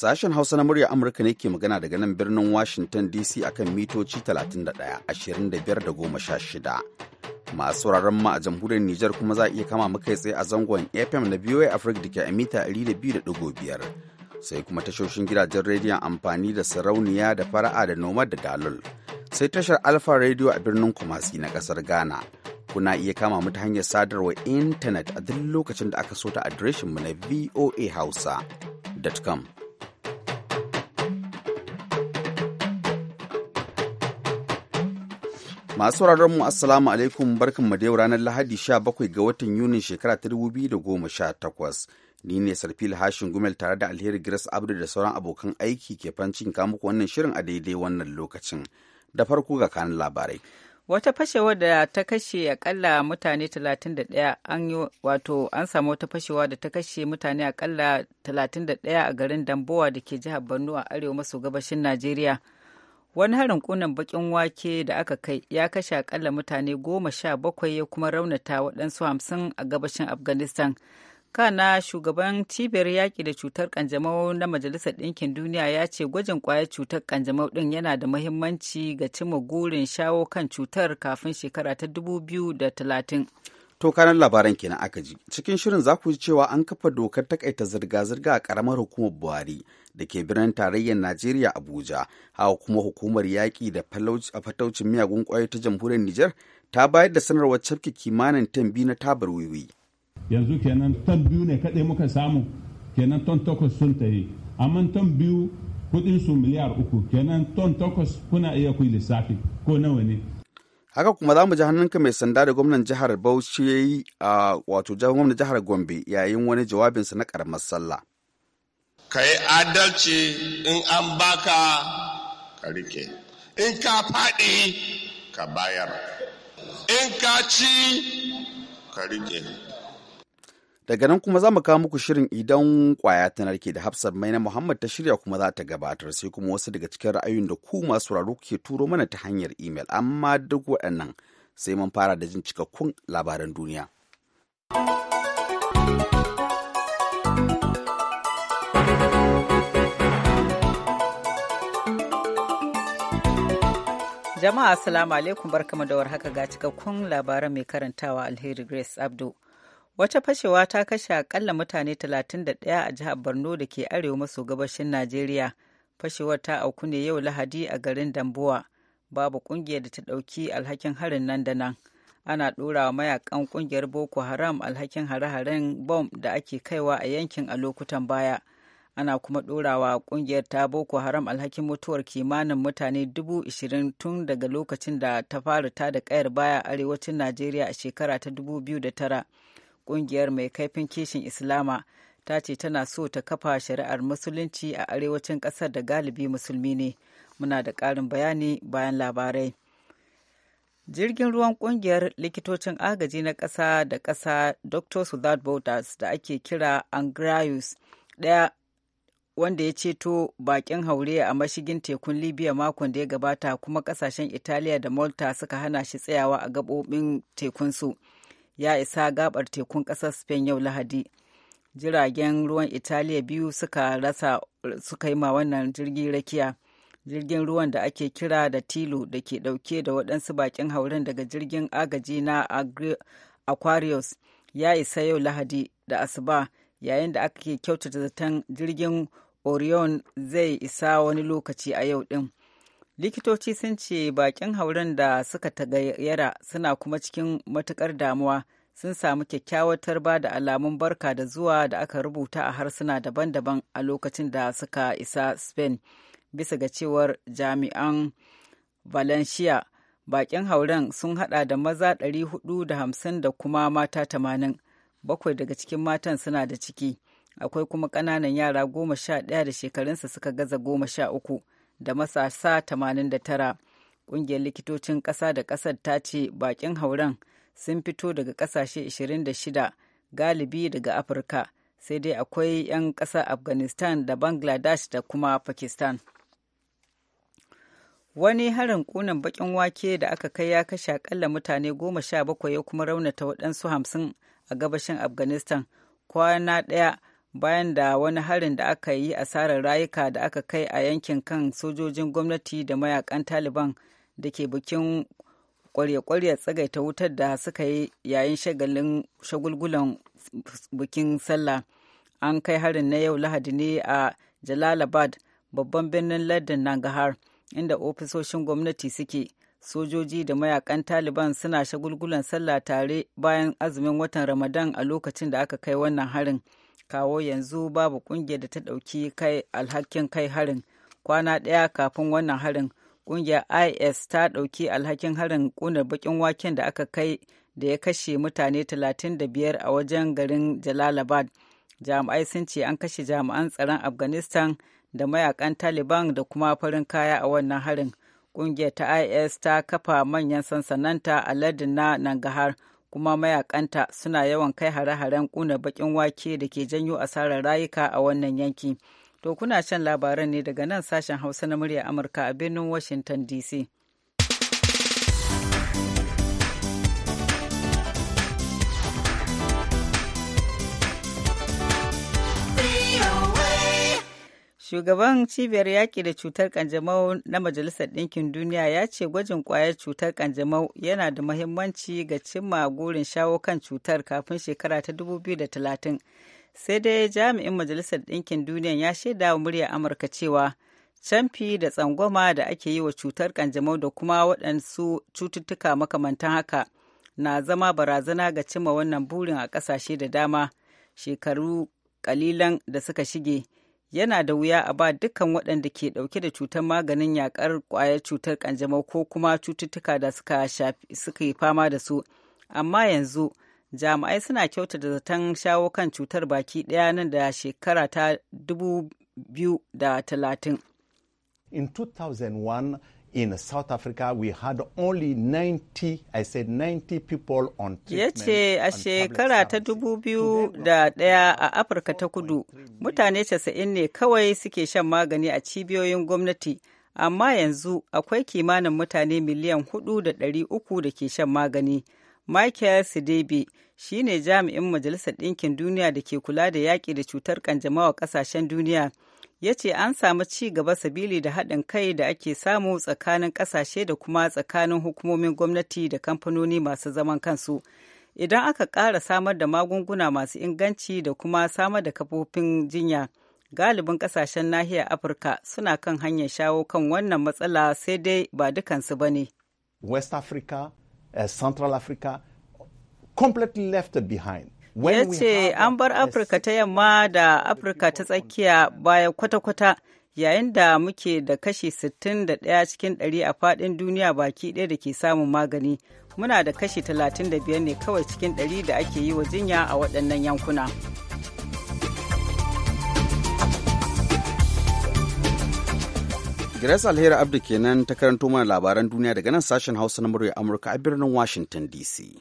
Sashen Hausa na murya Amurka ne ke magana daga nan birnin Washington DC a kan mitoci 31-25-16. Masu wuraren ma a jamhuriyar Nijar kuma za a iya kama muka tsaye a zangon FM na VOA Africa da ke a mita 200.5. Sai kuma tashoshin gidajen rediyon amfani da sarauniya da fara'a da noma da dalol. Sai tashar Alfa Radio a birnin Kumasi na kasar Ghana. Kuna iya kama mu ta hanyar sadarwa intanet a duk lokacin da aka so ta adireshinmu na voahausa.com. Masu sauraron mu Assalamu alaikum barkan da yau ranar Lahadi 17 ga watan Yunin shekara ta 2018. Ni ne Sarfil Hashin Gumel tare da Alheri Grace Abdu da sauran abokan aiki ke fancin muku wannan shirin a daidai wannan lokacin. Da farko ga kanin labarai. Wata fashewa da ta kashe akalla mutane 31 an yi wato an samu wata fashewa da ta kashe mutane akalla 31 a garin Dambowa da ke jihar Borno a arewa maso gabashin Najeriya. wani harin kunan bakin wake da aka kai ya kashe akalla mutane goma sha bakwai ya kuma raunata waɗansu hamsin a gabashin afghanistan kana shugaban cibiyar yaƙi da cutar kanjamau na majalisar ɗinkin duniya ya ce gwajin ƙwayar cutar ƙanjamau ɗin yana da mahimmanci ga cimma gurin shawo kan cutar kafin shekara ta 2030 To kanan labaran kenan aka ji. Cikin shirin za ku ji cewa an kafa dokar takaita zirga-zirga a karamar hukumar Buhari da ke birnin tarayyar Najeriya Abuja, haka kuma hukumar yaƙi da fataucin miyagun ƙwayoyi ta jamhuriyar Nijar ta bayar da sanarwar cafke kimanin tan biyu na tabar wiwi. Yanzu kenan tan biyu ne kaɗai muka samu, kenan ton takwas sun tafi, amma tan biyu kuɗin su miliyar uku, kenan ton takwas kuna iya ku lissafi ko nawa ne. haka kuma za mu ji hannunka mai sanda da gwamnan jihar bauchi ya a wato gwamnan jihar gombe yayin wani jawabinsa na karamar sallah ka yi adalci in an baka ka rike in ka faɗi ka bayar in ka ci ka rike Daga nan kuma za mu kawo muku shirin idan kwaya ta narke da mai na Muhammad ta shirya kuma za ta gabatar sai kuma wasu daga cikin ra'ayoyin da ku masu raro ke turo mana ta hanyar imel amma duk waɗannan sai mun fara da jin cikakkun labaran duniya. Jama'a Assalamu alaikum barkamu da warhaka ga cikakkun labaran mai karantawa Alheri Grace Abdu. Wata fashewa ta kashe akalla mutane 31 a jihar Borno da ke arewa maso gabashin Najeriya. Fashewar ta auku ne yau Lahadi a garin Dambuwa. Babu kungiyar da ta ɗauki alhakin harin nan da nan. Ana ɗora wa mayakan kungiyar Boko Haram alhakin hare-haren bom da ake kaiwa a yankin a lokutan baya. Ana kuma ɗorawa kungiyar ta Boko Haram alhakin mutuwar kimanin mutane dubu ishirin tun daga lokacin da ta fara da kayar baya arewacin Najeriya a shekara ta dubu biyu da tara. ƙungiyar mai kaifin kishin Islama ta ce tana so ta kafa shari'ar musulunci a arewacin ƙasar da galibi musulmi ne. Muna da ƙarin bayani bayan labarai. Jirgin ruwan ƙungiyar likitocin agaji na ƙasa da ƙasa Doctors Without Borders da ake kira Angrayus ɗaya wanda ya ceto bakin haure a mashigin tekun libya makon da ya gabata kuma kasashen italiya da malta suka hana shi tsayawa a gabobin tekunsu ya isa gabar tekun ƙasar Spain yau Lahadi. Jiragen ruwan Italiya biyu suka rasa suka yi ma wannan jirgi rakiya. Jirgin ruwan da ake kira da Tilo da ke ɗauke da waɗansu baƙin hauren daga jirgin agaji na Aquarius ya isa yau Lahadi da Asuba yayin da ke kyautata zaton jirgin Orion zai isa wani lokaci a yau ɗin. likitoci sun ce bakin hauren da suka tagayyara suna kuma cikin matukar damuwa sun samu kyakkyawar tarba da alamun barka da zuwa da aka rubuta a harsuna daban-daban a lokacin da suka isa spain bisa ga cewar jami'an valencia bakin hauren sun hada da maza 450 da kuma mata 80 bakwai daga cikin matan suna da ciki akwai kuma ƙananan yara goma sha ɗaya da shekarunsa suka gaza goma sha uku da masasa 89 ƙungiyar likitocin ƙasa da ƙasar ta ce bakin hauren sun fito daga ƙasashe 26 galibi daga afirka sai dai akwai 'yan ƙasa afghanistan da bangladesh da kuma pakistan wani harin ƙunan baƙin wake da aka kai ya kashe akalla mutane goma sha bakwai ya kuma raunata waɗansu hamsin a gabashin afghanistan kwana ɗaya bayan da wani harin da aka yi asarar rayuka da aka kai a yankin kan sojojin gwamnati da mayakan taliban da ke bikin kwarya-kwarya tsagaita wutar da suka yi yayin shagulgulan bikin sallah an kai harin na yau lahadi ne a jalalabad babban birnin lardin nangahar inda ofisoshin gwamnati suke sojoji da mayakan taliban suna shagulgulan sallah tare bayan azumin watan ramadan a lokacin da aka kai wannan harin. kawo yanzu babu kungiyar da ta ɗauki kai alhakin kai harin kwana ɗaya kafin wannan harin kungiyar is ta ɗauki alhakin harin ƙunar bakin waken da aka kai da ya kashe mutane 35 a wajen garin jalalabad jami'ai sun ce an kashe jami'an tsaron afghanistan da mayakan taliban da kuma farin kaya a wannan harin Ƙungiyar ta is ta kafa manyan sansananta a lardin na nangahar kuma mayakanta suna yawan kai hare-haren kuna bakin wake da ke janyo asarar rayuka a wannan yanki. To kuna shan labaran ne daga nan sashen Hausa na murya Amurka a birnin Washington DC. Shugaban cibiyar yaƙi da cutar kanjamau na Majalisar Ɗinkin Duniya ya ce gwajin ƙwayar cutar kanjamau yana da mahimmanci ga cimma gurin shawo kan cutar kafin shekara ta 2030. Sai dai jami'in Majalisar Ɗinkin Duniya ya shaida wa muryar Amurka cewa camfi da tsangwama da ake yi wa cutar kanjamau da kuma waɗansu cututtuka makamantan haka na zama barazana ga cimma wannan burin a ƙasashe da dama shekaru ƙalilan da suka shige. yana da wuya a ba dukkan waɗanda ke ɗauke da cutar maganin yakar ƙwayar cutar kanjamau ko kuma cututtuka da suka yi fama da su amma yanzu jami'ai suna kyauta da zaton shawo kan cutar baki ɗaya nan da shekara ta 2030 in 2001 in South Africa we had only 90 I said 90 people on Ya ce a shekara ta dubu biyu da ɗaya a Afirka ta kudu mutane casa'in ne kawai suke shan magani a cibiyoyin gwamnati amma yanzu akwai kimanin mutane miliyan hudu da ɗari uku da ke shan magani. Michael Sidibe shine jami'in Majalisar Ɗinkin Duniya da ke kula da yaƙi da cutar kanjamau a ƙasashen duniya. ya ce an samu ci gaba sabili da haɗin kai da ake samu tsakanin ƙasashe da kuma tsakanin hukumomin gwamnati da kamfanoni masu zaman kansu idan aka ƙara samar da magunguna masu inganci da kuma samar da kafofin jinya galibin ƙasashen nahiyar afirka suna kan hanyar shawo kan wannan matsala sai dai ba dukansu ba ne west africa uh, central africa completely left behind ya ce an bar afirka ta yamma da afirka ta tsakiya baya kwata-kwata yayin da muke da kashi 61 cikin 100 a fadin duniya baki ɗaya da ke samun magani muna da kashi 35 ne kawai cikin 100 da ake yi wa jinya a waɗannan yankuna. Grace Alheri Abdu kenan ta karanto mana labaran duniya daga nan sashen Hausa na murya Amurka a birnin Washington DC.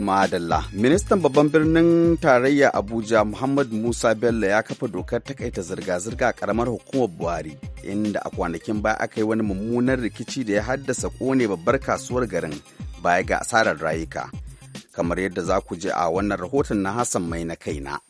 Madalla. Ministan babban birnin tarayya Abuja Muhammad Musa Bello ya kafa dokar takaita zirga-zirga a karamar hukumar Buhari inda a kwanakin baya aka yi wani mummunan rikici da ya haddasa ƙone babbar kasuwar garin baya ga asarar rayuka. Kamar yadda za ku je a wannan rahoton na Hassan mai na kaina.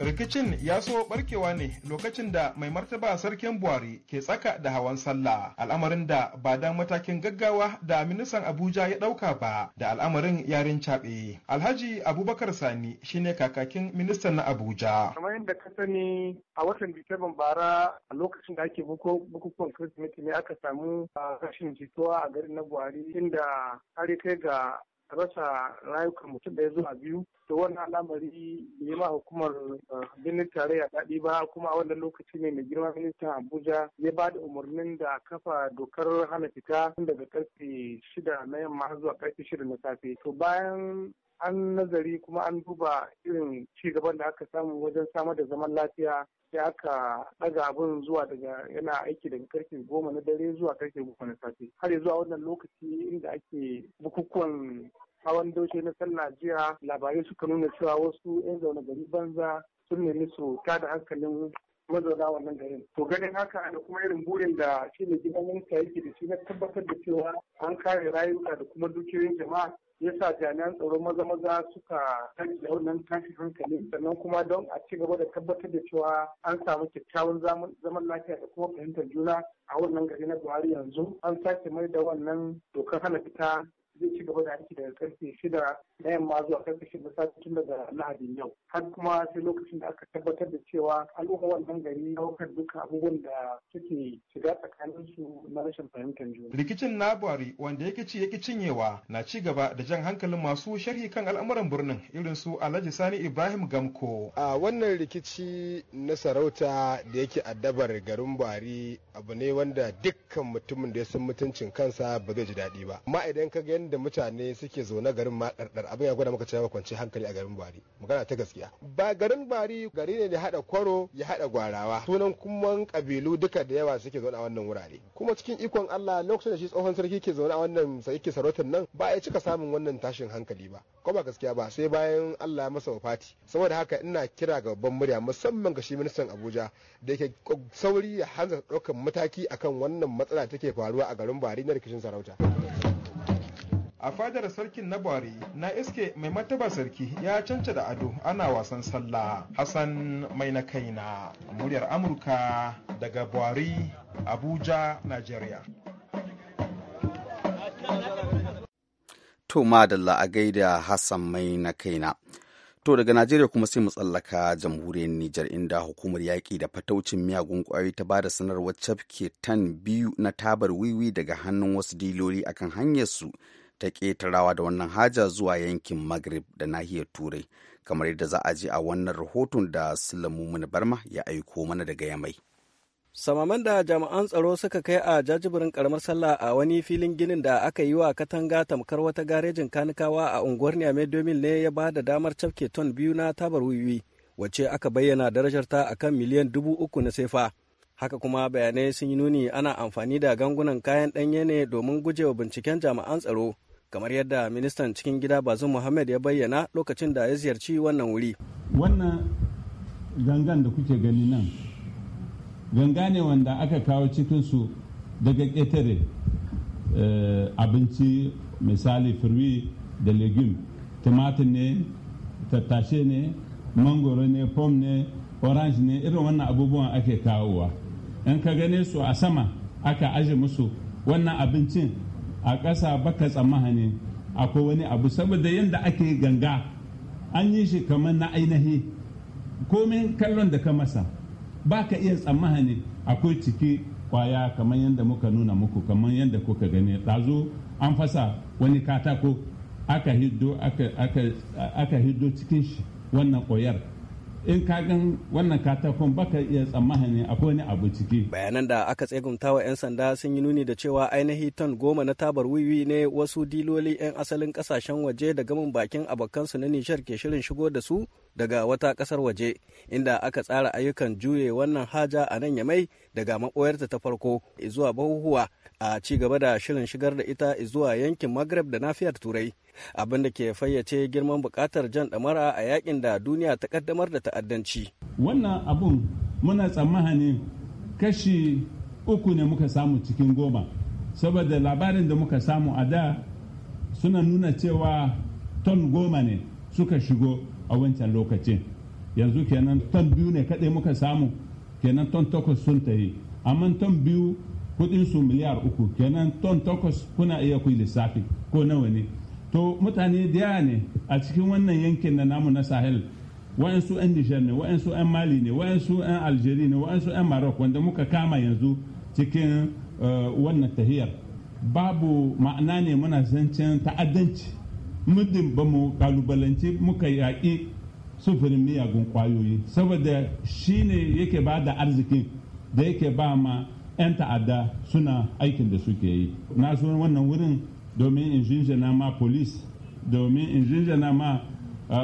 Rikicin ya so barkewa ne lokacin da mai martaba sarkin Buhari ke tsaka da hawan sallah, al'amarin da ba da matakin gaggawa da ministan Abuja ya ɗauka ba da al'amarin yarin caɓe. Alhaji Abubakar Sani shine kakakin ministan na Abuja. Kamar yadda ka sani a watan Disamban bara a lokacin da ake bukukuwan Kirsimeti ne aka samu ah, rashin jituwa a garin na Buhari inda har kai ga rasa rayukan mutum ɗaya zuwa biyu to wannan al'amari ya ma hukumar eh, birnin tarayya daɗi ba kuma a wannan lokaci ne mai girma ministan abuja ya ba da umarnin da kafa dokar hana fita daga karfe shida na yamma zuwa karfe shida na safe to bayan an nazari kuma an duba irin ci gaban da aka samu wajen samar da zaman lafiya sai aka daga abin zuwa daga yana aiki daga karfe goma na dare zuwa karfe goma na safe har zuwa wannan lokaci inda ake bukukuwan hawan daushe na sallah jiya labarai suka nuna cewa wasu 'yan zaune gari banza sun nemi su tada hankalin mazauna wannan garin. To ganin haka da kuma irin burin da shi ne gidan yanka yake da shi na tabbatar da cewa an kare rayuka da kuma dukiyoyin jama'a yasa jami'an tsaro maza maza suka tashi da wannan tashin hankali sannan kuma don a ci gaba da tabbatar da cewa an samu kyakkyawan zaman lafiya da kuma fahimtar juna a wannan gari na buhari yanzu an sake mai da wannan dokar hana fita ci gaba da aiki daga karfe shida na yamma zuwa karfe shida sati tun daga lahadin yau har kuma sai lokacin da aka tabbatar da cewa al'umma wannan gari daukar duka abubuwan da suke shiga tsakanin su na rashin fahimtar juna. rikicin na buhari wanda yake ci yake cinyewa na ci gaba da jan hankalin masu sharhi kan al'amuran birnin irin su alhaji sani ibrahim gamko. a wannan rikici na sarauta da yake addabar garin buhari abu ne wanda dukkan mutumin da ya san mutuncin kansa ba zai ji daɗi ba amma idan ka ga yadda mutane suke zaune garin maɗarɗar abin ya gwada maka cewa kwanci hankali a garin bari magana ta gaskiya ba garin bari gari ne da ya haɗa kwaro ya haɗa gwarawa sunan kuma kabilu duka da yawa suke zaune a wannan wurare kuma cikin ikon Allah lokacin da shi tsohon sarki ke zaune a wannan sarki sarautar nan ba ya cika samun wannan tashin hankali ba ko ba gaskiya ba sai bayan Allah ya masa wafati saboda haka ina kira ga babban murya musamman ga shi ministan Abuja da yake sauri ya hanzar ɗaukar mataki akan wannan matsala take faruwa a garin Bari na rikicin sarauta. a fadar sarkin na bari na iske mai mataba sarki ya canca da ado ana wasan sallah hassan mai na kaina muryar amurka daga bari abuja nigeria to madalla a gaida hassan mai na kaina To daga Najeriya kuma sai mu tsallaka jamhuriyar Nijar inda hukumar yaƙi da fataucin miyagun ƙwayoyi ta bada sanarwar cafke tan biyu na tabar wiwi daga hannun wasu diloli akan hanyar su. ta ƙetarawa da wannan haja zuwa yankin Maghrib da nahiyar Turai, kamar yadda za a je a wannan rahoton da Sulamumun Barma ya aiko mana daga Yamai. Samaman da jami'an tsaro suka kai a jajibirin karamar sallah a wani filin ginin da aka yi wa katanga tamkar wata garejin kanikawa a unguwar Niamey domin ne ya ba da damar cafke ton biyu na tabar wiwi, wacce aka bayyana darajarta a kan miliyan dubu uku na sefa. haka kuma bayanai sun yi nuni ana amfani da gangunan kayan ɗanye ne domin gujewa binciken jami'an tsaro kamar yadda ministan cikin gida bazum muhammad ya bayyana lokacin da ya ziyarci wannan wuri wannan gangan da kuke gani nan ganga ne wanda aka kawo cikinsu daga ƙetare eh, abinci misali firwi da legume tumatir ne tattashe ne mangoro ne pom ne orange ne irin wannan abubuwan ake kawowa in ka gane su a sama aka aje musu wannan abincin a ƙasa baka tsammani akwai wani abu saboda yadda ake ganga an yi shi kamar na ainihi komin kallon da ka masa ba ka iya tsammani akwai ciki kwaya kamar yadda muka nuna muku kamar yadda kuka gani ɗazu an fasa wani katako aka hiddo cikin shi wannan koyar in ka gan wannan katakon baka iya tsammanin akwai wani abu ciki. Bayanan da aka tsegunta wa 'yan sanda sun yi nuni da cewa ainihi ton goma na tabar wiwi ne wasu diloli 'yan asalin kasashen waje da gamin bakin abokansu na Nijar ke shirin shigo da su daga wata kasar waje inda aka tsara ayyukan juye wannan haja a nan yamai daga maboyarta ta farko zuwa bahuhuwa a ci gaba da shirin shigar da ita zuwa yankin maghreb da nafiyar turai abin da ke fayyace girman bukatar jan damara a yakin da duniya ta kaddamar da ta'addanci wannan abun muna tsammani kashi uku ne muka samu cikin goma saboda labarin da muka samu a da suna nuna cewa ton goma ne suka shigo a wancan lokacin yanzu kenan ton biyu ne kaɗai muka samu kenan ton takwas sun tafi amma ton biyu kudin su miliyar uku kenan ton takwas kuna iya ku lissafi ko nawa ne to mutane da yawa ne a cikin wannan yankin na namu na sahel wa'ansu 'yan nijar ne wa'ansu 'yan mali ne wa'ansu 'yan Aljeri ne wa'ansu 'yan maroc wanda muka kama yanzu cikin eh, wannan tahiyar babu ma'ana ne muna zancen ta'addanci muddin ba mu kalubalanci muka yaƙi sufurin miyagun kwayoyi saboda shi ne yake ba da arzikin da yake ba ma 'yan ta'adda suna aikin da suke yi na so wannan wurin domin in jinjina ma polis domin in jinjina ma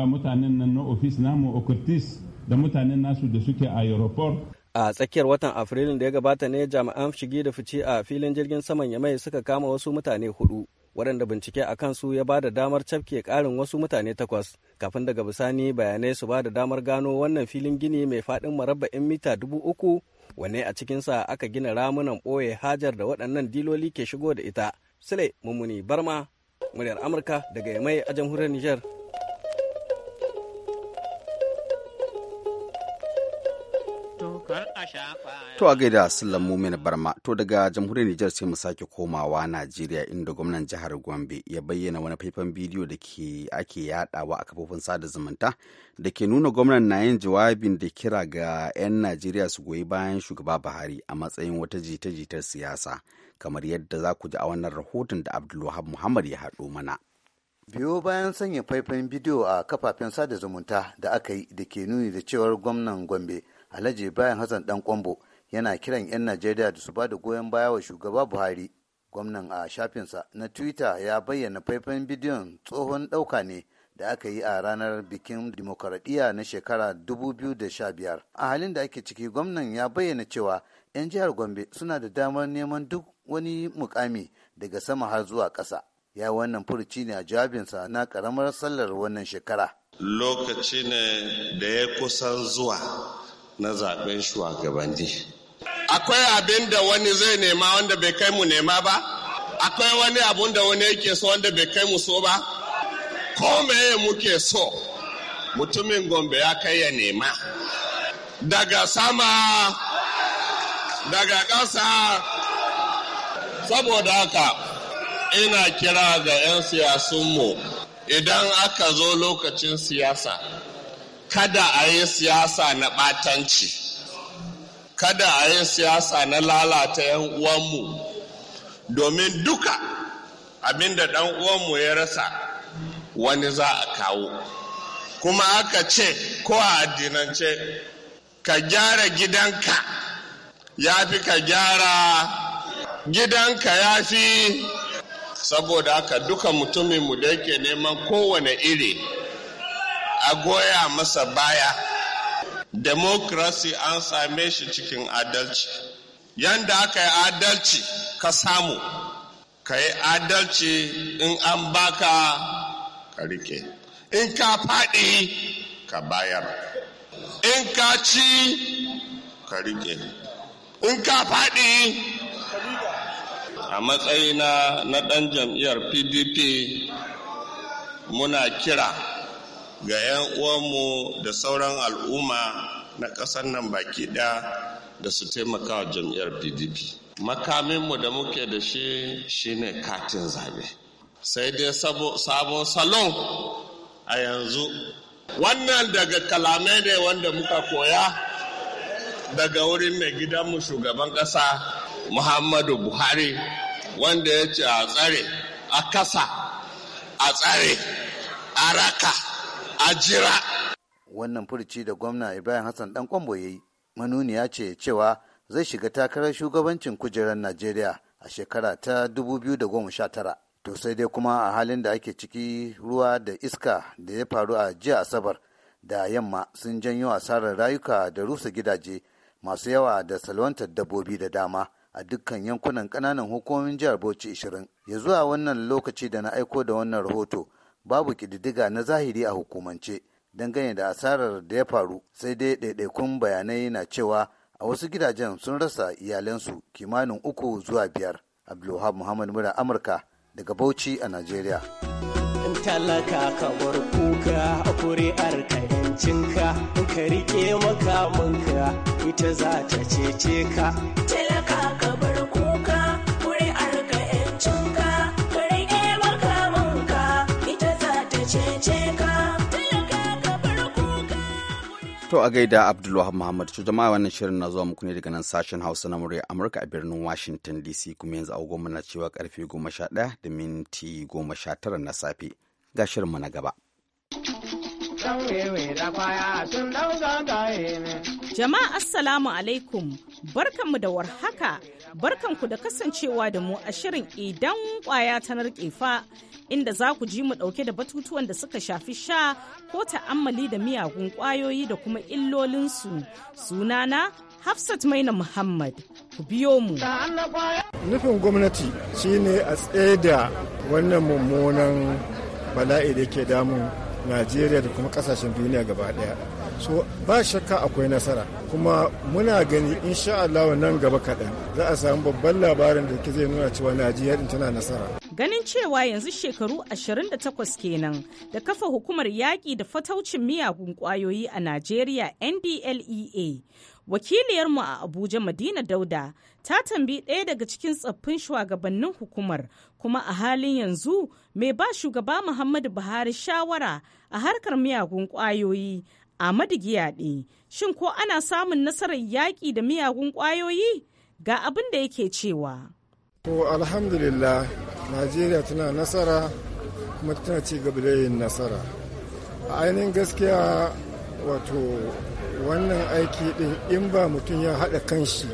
mutanen nan na ofis namu okurtis da mutanen nasu da suke a aeroport a tsakiyar watan afrilun da ya gabata ne jami'an shigi da fice a filin jirgin saman yamai suka kama wasu mutane hudu waɗanda bincike a kansu ya ba da damar cafke ƙarin wasu mutane takwas kafin daga bisani bayanai su ba da damar gano wannan filin gini mai faɗin marabba'in mita dubu uku wanne a cikinsa aka gina ramunan ɓoye hajar da waɗannan diloli ke shigo da ita sule mummuni barma muryar amurka daga yamai a jamhuriyar nijar. To a gaida Sallan Mumin Barma, to daga jamhuriyar Nijar sai mu sake komawa Najeriya inda gwamnan jihar Gombe ya bayyana wani faifan bidiyo da ke ake yadawa a kafofin sada zumunta da ke nuna gwamnan na yin jawabin da kira ga 'yan Najeriya su goyi bayan shugaba Buhari a matsayin wata jita-jitar siyasa, kamar yadda za ku ji a wannan rahoton da Abdulwahab Muhammad ya haɗo mana. biyo bayan sanya faifan bidiyo a kafafen sada zumunta da aka yi da ke nuni da cewar gwamnan gombe alhaji bayan hassan dan kwambo yana kiran 'yan Najeriya da su ba da goyon baya wa shugaba Buhari. Gwamnan a shafinsa na Twitter ya bayyana faifan bidiyon tsohon ɗauka ne da aka yi a ranar bikin dimokuraɗiyya na shekara 2015. A halin da ake ciki gwamnan ya bayyana cewa 'yan jihar Gombe suna da damar neman duk wani mukami daga sama har zuwa ƙasa. Ya wannan furuci ne a jawabinsa na ƙaramar sallar wannan shekara. Lokaci ne da ya kusan zuwa na zaɓen shugabanni. akwai abin da wani zai nema wanda bai kai mu nema ba akwai wani abun da wani yake so wanda bai kai mu so ba ko meye muke so mutumin gombe ya kai ya nema daga sama daga ƙasa saboda haka ina kira ga 'yan siyasunmu idan aka zo lokacin siyasa kada a yi siyasa na ɓatanci. kada a yi siyasa na lalata 'yan uwanmu domin duka abinda ɗan uwanmu ya rasa wani za a kawo kuma aka ce ko a addinance ka gyara gidanka ya fi ka gyara gidanka ya fi saboda haka duka mutumin mu da yake neman kowane iri a goya masa baya democracy an same shi cikin adalci yanda aka yi adalci ka samu ka yi adalci in an baka ka rike in ka faɗi ka bayar in ka ci ka rike in ka faɗi a matsayina na ɗan jam'iyyar pdp muna kira ga 'yan uwanmu da sauran al'umma na ƙasar nan baki ɗaya da su taimaka wa jam'iyyar pdp makaminmu da muke da shi shine katin zabe sai dai sabon salon a yanzu wannan daga kalamai ne wanda muka koya daga wurin mai gidanmu shugaban ƙasa muhammadu buhari wanda ya ce a tsare a kasa a tsare a raka a jira. Wannan furuci da gwamna Ibrahim Hassan dan kwambo ya yi manuniya ce cewa zai shiga takarar shugabancin kujerar Najeriya a shekara ta 2019. To sai dai kuma a halin da ake ciki ruwa da iska da ya faru a jiya Asabar da yamma sun janyo asarar rayuka da rusa gidaje masu yawa da salwantar dabbobi da dama. a dukkan yankunan ƙananan hukumomin jihar Bauchi 20. Ya zuwa wannan lokaci da na aiko da wannan rahoto, babu ƙididdiga na zahiri a hukumance dangane da asarar da ya faru sai dai ɗaiɗaikun bayanai na cewa a wasu gidajen sun rasa iyalansu kimanin uku zuwa biyar abdulwahab muhammad mura amurka daga bauchi a nigeria. talaka ka bar kuka a kuri'ar ka yancinka ka rike makamanka ita za ta cece ka To a gaida Abdulwahab Muhammad to jama'a wannan shirin na zuwa muku ne daga nan sashen Hausa na murya Amurka a birnin Washington DC kuma yanzu agogo na cewa karfe 11 da minti sha 19 na safe ga shirin mu na gaba. Jama'a Assalamu alaikum barkanmu da warhaka barkanku da kasancewa da mu a shirin idan kwaya ta fa inda za ku ji mu ɗauke da batutuwan da suka shafi sha ko ta'ammali da miyagun kwayoyi da kuma illolinsu sunana Hafsat Maina Muhammad ku biyo mu. Nufin gwamnati shine a tsaye da wannan mummunan bala'i da ke damun Najeriya da kuma kasashen duniya gaba daya. so ba shakka akwai nasara kuma muna gani insha Allah nan gaba kaɗan za a samu babban labarin da ke zai nuna cewa Najeriya din tana nasara. Ganin cewa yanzu shekaru 28 kenan da kafa hukumar yaƙi da fataucin miyagun ƙwayoyi a Najeriya NDLEA. Wakiliyarmu a Abuja Madina Dauda ta tambi ɗaya daga cikin tsaffin shugabannin hukumar kuma a halin yanzu mai ba shugaba Muhammadu Buhari shawara a harkar miyagun ƙwayoyi Ahmadu Giyaɗe, shin ko ana samun nasarar yaƙi da miyagun ƙwayoyi? Ga abin da yake cewa. To alhamdulillah, Najeriya tana nasara kuma tana ci gaba da yin nasara. A ainihin gaskiya wato wannan aiki ɗin in ba mutum ya haɗa kanshi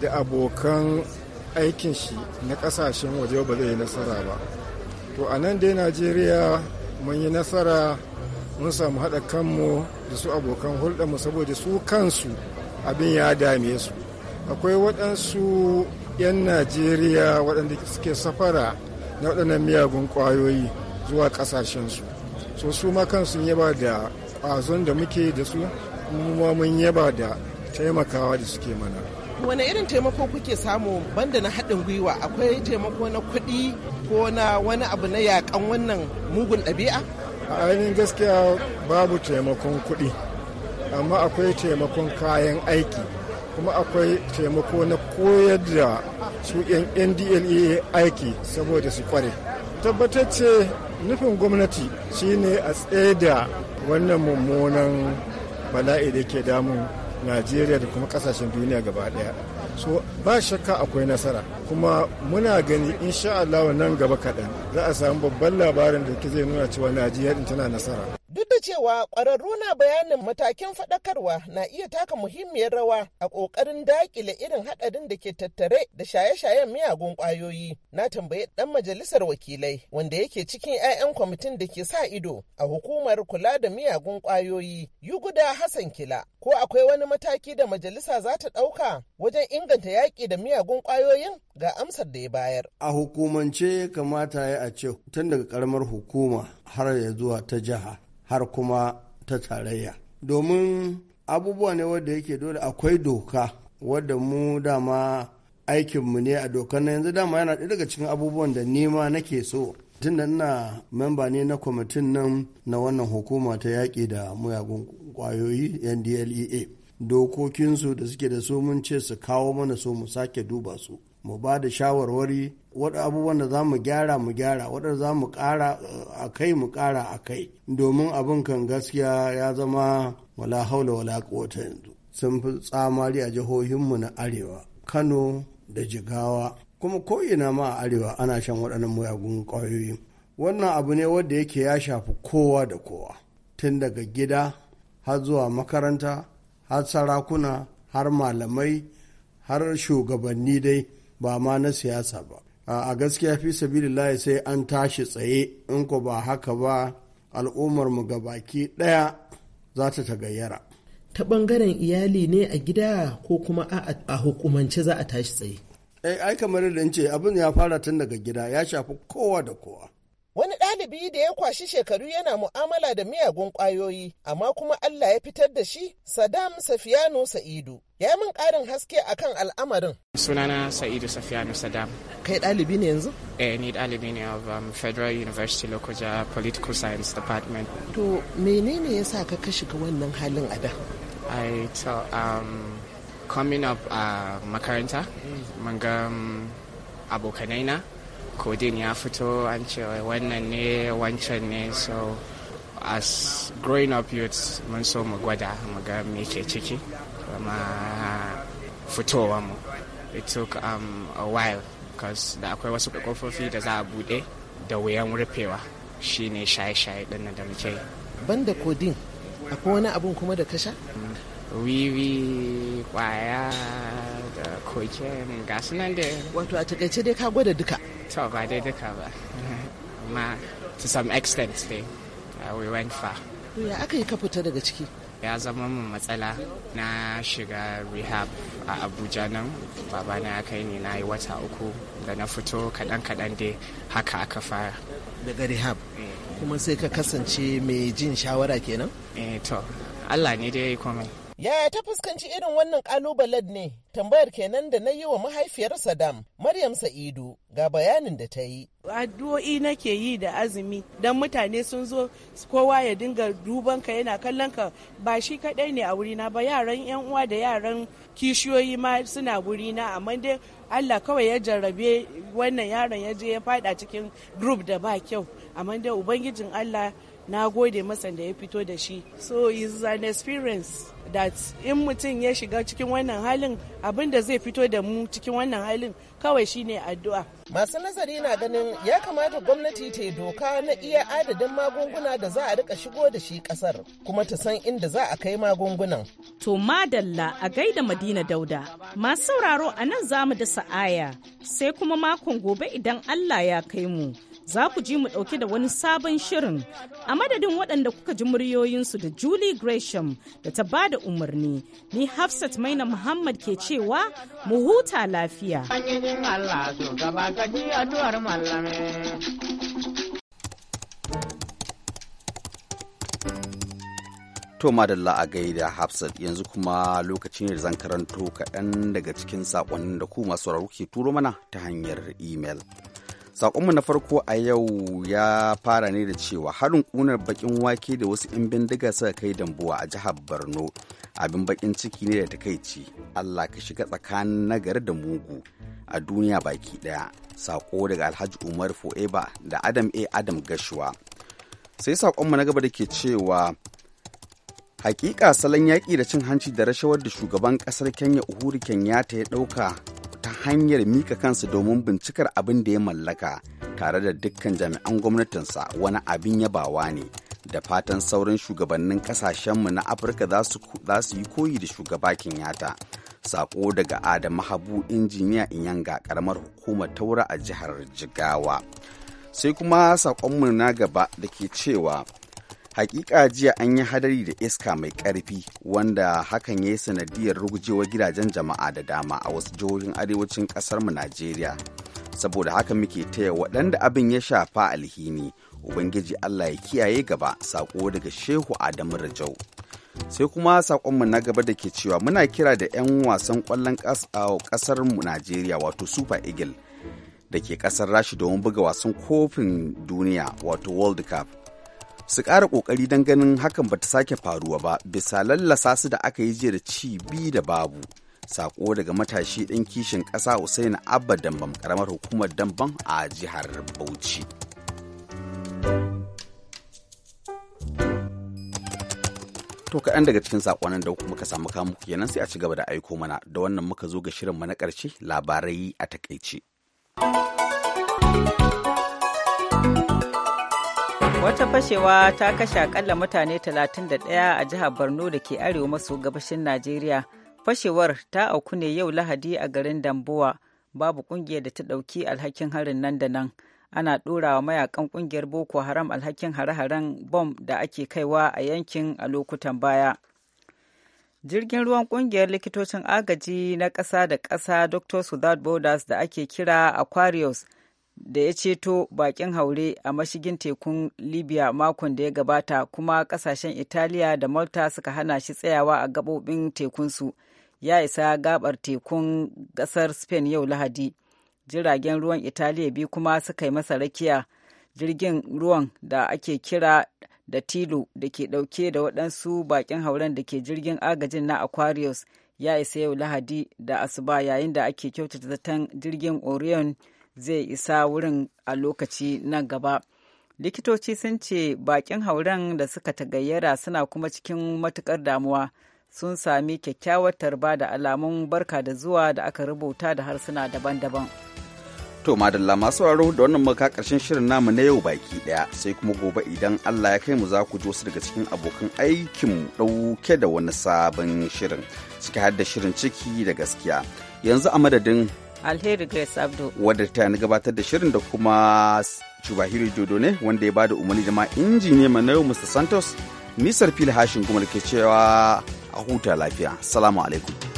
da abokan aikin shi na ƙasashen waje ba zai yi nasara ba. To a nan dai Najeriya mun yi nasara mun samu haɗa kanmu da su abokan hulɗarmu saboda su kansu abin ya dame su akwai waɗansu 'yan najeriya waɗanda suke safara na waɗannan miyagun ƙwayoyi zuwa ƙasashensu so su ma kansu yaba da ƙwazon da muke da su kuma mun yaba da taimakawa da suke mana wane irin taimako kuke samu banda na haɗin gwiwa akwai taimako na kuɗi ko na wani abu na yaƙan wannan mugun ɗabi'a a ainihin gaskiya babu taimakon kuɗi amma akwai taimakon kayan aiki kuma akwai taimako na koyar da su 'yan ndlea aiki saboda su kware tabbatacce nufin gwamnati shine a tsaida wannan mummunan bala'i da ke damun najeriya da kuma kasashen duniya gaba daya so ba shakka akwai nasara kuma muna gani insha Allah nan gaba kaɗan za a samu babban labarin da ke zai nuna cewa Najeriya tana nasara Duk da cewa ƙwararru na bayanin matakin faɗakarwa na iya taka muhimmiyar rawa a ƙoƙarin daƙile irin haɗarin da ke tattare da shaye-shayen miyagun ƙwayoyi, na tambayi ɗan majalisar wakilai wanda yake cikin 'ya'yan kwamitin da ke sa ido a hukumar kula da miyagun ƙwayoyi Yuguda Hassan Kila. Ko akwai wani mataki da majalisa za ta ɗauka wajen inganta yaƙi da miyagun ƙwayoyin ga amsar da ya bayar. A hukumance kamata ya a ce tun daga ƙaramar hukuma har ya zuwa ta jiha. har kuma ta tarayya domin abubuwa ne wadda yake dole akwai doka wadda mu dama aikinmu ne a dokar na yanzu dama yana ɗaya daga cikin abubuwan da nema nake so tun da ina memba ne na kwamitin nan na wannan hukuma ta yaƙi da muyagun ƙwayoyi ndlea dokokinsu da suke da su mun ce su kawo mana so mu sake duba su mu ba da shawarwari waɗanda abubuwan da za mu gyara mu gyara waɗanda za mu ƙara eh, a kai mu ƙara a kai domin abin kan gaskiya ya zama wala haula wala ƙota yanzu sun fi tsamari a jihohinmu na arewa kano da jigawa kuma ko'ina ma a arewa ana shan waɗannan muyagun ƙwayoyi wannan abu ne wadda yake ya shafi kowa da kowa tun daga gida har zuwa makaranta har sarakuna har malamai har shugabanni dai ba ma na siyasa ba a gaskiya fi sabilillahi sai an tashi tsaye in ko ba haka ba al'ummar mu baki ɗaya za ta gayyara. ta ɓangaren iyali ne a gida ko kuma a hukumance za a tashi tsaye eh, ai kamar da ce abin ya fara tun daga gida ya shafi kowa da kowa Wani ɗalibi da ya kwashi shekaru yana mu'amala da miyagun ƙwayoyi, amma kuma Allah ya fitar da shi, Saddam Safiyanu Sa'idu. Ya min ƙarin haske a kan al'amarin. Sunana Sa'idu Safiyanu Saddam. Kai ɗalibi ne yanzu? Eh, ni ɗalibi ne of um, Federal University Lokoja Political Science Department. To, menene ya sa ka kashi shiga wannan halin a da? I tell, um, coming up a uh, makaranta, mm. mun um, abokanai kodin ya fito an ce wannan ne wancan ne so as growing up youths mun so mu gwada mu ga me ke ciki kuma fitowa mu it took um, a while because da akwai wasu kofofi da za a bude da wuyan rufewa shine shaye-shaye din da muke banda kodin akwai wani abun kuma da kasha mm. wiwi kwaya da koken Gasu nan da wato a takaice dai ka gwada duka to ba dai duka ba amma to some extent dai uh, we went far ya aka yi ka fita daga ciki ya zama min matsala na shiga rehab a abuja nan babana ya kai ni na yi wata uku da na fito kaɗan-kaɗan dai haka aka fara daga rehab eh. kuma sai ka kasance mai jin shawara kenan? eh to allah ne dai komai Yaya ta fuskanci irin wannan kalubalen ne? Tambayar kenan da na yi wa mahaifiyar Saddam, Maryam Sa'idu, ga bayanin da ta yi. Addu'o'i nake yi da azumi, don mutane sun zo kowa ya dinga duban ka yana kallon ka ba shi kaɗai ne a wurina ba yaran 'yan uwa da yaran kishiyoyi ma suna wurina amma dai Allah kawai ya jarrabe wannan yaron ya je ya fada cikin group da ba kyau amma dai ubangijin Allah na gode masa da ya fito da shi so is an experience that in mutum ya shiga cikin wannan halin abin da zai fito da mu cikin wannan halin kawai shine addu'a masu nazari na ganin ya kamata gwamnati ta doka na iya adadin magunguna da za a rika shigo da shi kasar kuma ta san inda za a kai magungunan to madalla a gaida madina dauda masu sauraro a nan zamu mu da sa'aya sai kuma makon gobe idan allah ya kai mu za ku ji mu ɗauke da wani sabon shirin a madadin waɗanda kuka ji muryoyinsu da Julie Gresham da ta ba da umarni ni Hafsat Maina Muhammad ke cewa mu huta lafiya. To madalla a gaida Hafsat yanzu kuma lokaci ne da zan karanto kaɗan daga cikin saƙonnin da ku masu ke turo mana ta hanyar imel. Sakonmu na farko a yau ya fara ne da cewa harin kunar bakin wake da wasu 'yan bindiga suka kai dambuwa a jihar Borno abin bakin ciki ne da takaici Allah ka shiga tsakanin nagari da mugu a duniya baki daya saƙo daga Alhaji Umar Fo'eba da Adam A Adam Gashuwa sai sakonmu na gaba da ke cewa hakika salon yaƙi da cin hanci da rashawar da shugaban ƙasar Kenya Uhuru Kenyatta ya ɗauka ta hanyar mika kansa domin bincikar abin da ya mallaka tare da dukkan jami'an gwamnatinsa wani abin yabawa ne da fatan sauran shugabannin kasashenmu na afirka za su yi koyi da shugaba kenyatta sako daga adamu habu injiniya inyanga karamar hukumar taura a jihar jigawa sai kuma saƙonmu na gaba da ke cewa hakika jiya an yi hadari da iska mai karfi wanda hakan ya yi sanadiyar rugujewar gidajen jama'a da dama a wasu jihohin arewacin mu najeriya saboda haka muke taya waɗanda abin ya shafa alhini ubangiji allah ya kiyaye gaba saƙo daga shehu adamu rajau sai kuma sakonmu na gaba da ke cewa muna kira da 'yan wasan kwallon ƙasar mu najeriya wato super eagle da ke ƙasar rashi domin buga wasan kofin duniya wato world cup su ƙara ƙoƙari don ganin hakan bata sake faruwa ba bisa lallasa su da aka yi jiya da ci bi da babu sako daga matashi ɗin kishin ƙasa Usaini Abba Dambam ƙaramar hukumar Dambam a jihar Bauchi. To kaɗan daga cikin saƙonan da kuma muka samu kamu kenan sai a ci gaba da aiko mana da wannan muka zo ga shirinmu na ƙarshe labarai a takaice. Wata fashewa ta kashe akalla mutane 31 a jihar Borno da ke arewa maso gabashin Najeriya. Fashewar ta auku ne yau Lahadi a garin Damboa, babu kungiyar da ta ɗauki alhakin harin nan da nan. Ana ɗorawa mayakan kungiyar Boko Haram alhakin hare-haren bom da ake kaiwa a yankin a lokutan baya. jirgin ruwan kungiyar likitocin agaji na ƙasa da ƙasa doctors without borders da ake kira aquarius da ya ceto bakin haure a mashigin tekun libya makon da ya gabata kuma kasashen italiya da malta suka hana shi tsayawa a gabobin tekunsu ya isa gabar tekun kasar spain yau lahadi jiragen ruwan italiya biyu kuma suka yi masa rakiya jirgin ruwan da ake kira da tilo da ke dauke da waɗansu bakin hauren da ke jirgin agajin na aquarius ya isa yau lahadi da asuba yayin da ake kyautata zaton jirgin orion zai isa wurin a lokaci na gaba likitoci sun ce bakin hauren da suka tagayyara suna kuma cikin matukar damuwa sun sami kyakkyawar tarba da alamun barka da zuwa da aka rubuta da harsuna daban-daban. To madalla masu sauraro da wannan muka karshen shirin namu na yau baki daya sai kuma gobe idan Allah ya kai mu za ku ji wasu daga cikin abokan aikinmu ɗauke da wani sabon shirin ciki har da shirin ciki da gaskiya. Yanzu a madadin Alheri Grace Abdu. Wadda ta ni gabatar da shirin da kuma Chubahiro Jodo ne wanda ya bada umarni da ma injiniya Manayo Mr. Santos. Nisar fili hashin kuma da ke cewa a huta lafiya. Salamu alaikum.